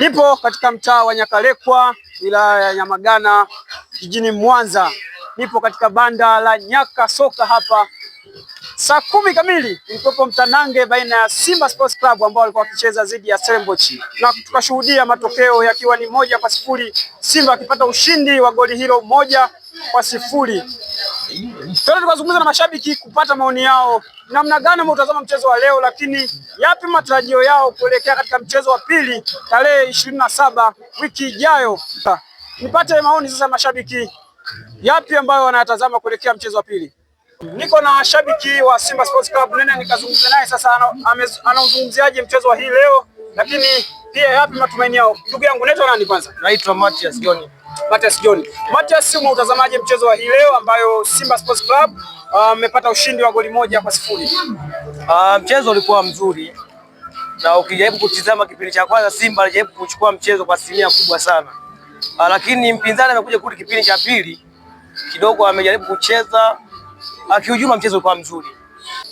Nipo katika mtaa wa Nyakalekwa, wilaya ya Nyamagana, jijini Mwanza. Nipo katika banda la Nyaka Soka hapa. Saa kumi kamili ilikuwepo mtanange baina ya Simba Sports Club ambao walikuwa wakicheza dhidi ya Stellenbosch, na tukashuhudia matokeo yakiwa ni moja kwa sifuri, Simba akipata ushindi wa goli hilo moja kwa sifuri. Leo tukazungumza na mashabiki kupata maoni yao namna gani wameutazama mchezo wa leo, lakini yapi matarajio yao kuelekea katika mchezo wa pili tarehe ishirini na saba wiki ijayo. Nipate maoni sasa, mashabiki yapi ambayo wanayatazama kuelekea mchezo wa pili. Niko na shabiki wa Simba Sports Club nene, nikazungumza naye sasa, anauzungumziaje mchezo wa hii leo, lakini pia yapi matumaini yao. Ndugu yangu, naitwa nani kwanza? Naitwa Matias Goni. Matias John. Matias, umeutazamaje mchezo wa hii leo ambayo Simba Sports Club amepata ah, uh, ushindi wa goli moja kwa sifuri? Uh, mchezo ulikuwa mzuri na ukijaribu kutizama kipindi cha kwanza Simba alijaribu kuchukua mchezo kwa asilimia kubwa sana. Uh, lakini mpinzani amekuja kurudi kipindi cha pili kidogo amejaribu kucheza akiujuma, uh, mchezo ulikuwa mzuri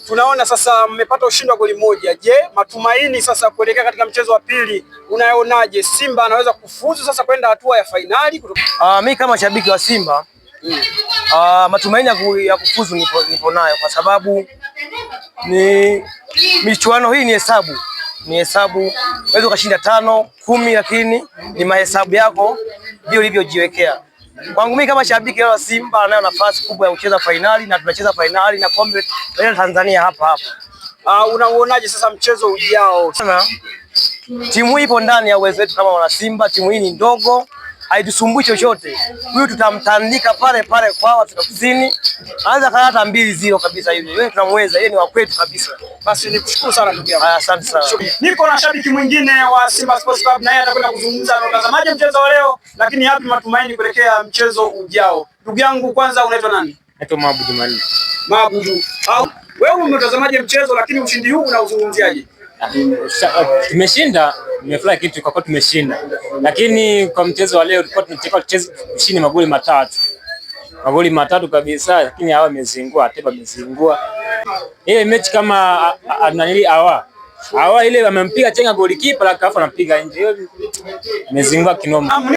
tunaona sasa mmepata ushindi wa goli moja. Je, matumaini sasa kuelekea katika mchezo wa pili unayonaje? Simba anaweza kufuzu sasa kwenda hatua ya fainali? Uh, ah, mi kama shabiki wa Simba mm. uh, matumaini ya kufuzu nipo, nipo nayo kwa sababu ni michuano hii ni hesabu ni hesabu, unaweza ukashinda tano kumi, lakini ni mahesabu yako ndio ulivyojiwekea. Kwangu mimi kama shabiki wa Simba anayo nafasi kubwa ya kucheza fainali na tunacheza fainali na kombe la Tanzania hapa hapa. Uh, unauonaje sasa mchezo ujao? Timu ipo ndani ya uwezo wetu kama wana Simba, timu hii ni ndogo haitusumbui chochote. Huyu tutamtandika pale pale kwa watu kazini, anaweza hata mbili zero kabisa hivi. Wewe tunamweza, yeye ni wa kwetu kabisa. Basi nikushukuru sana ndugu yangu, asante sana. Niko na shabiki mwingine wa Simba Sports Club, naye atakwenda kuzungumza na watazamaji mchezo wa leo, lakini yapi matumaini kuelekea mchezo ujao. Ndugu yangu, kwanza unaitwa nani? Naitwa Mabudu Mali. Mabudu, au wewe umetazamaje mchezo, lakini ushindi huu unauzungumziaje? Ah, tumeshinda, nimefurahi kitu kwa kuwa tumeshinda lakini kwa mchezo wa leo tulikuwa tunataka tucheze chini magoli matatu magoli matatu kabisa, lakini hawa amezingua Ateba amezingua ile mechi kama anani hawa hawa ile amempiga chenga kipa, alafu anapiga nje, amezingua kinoma.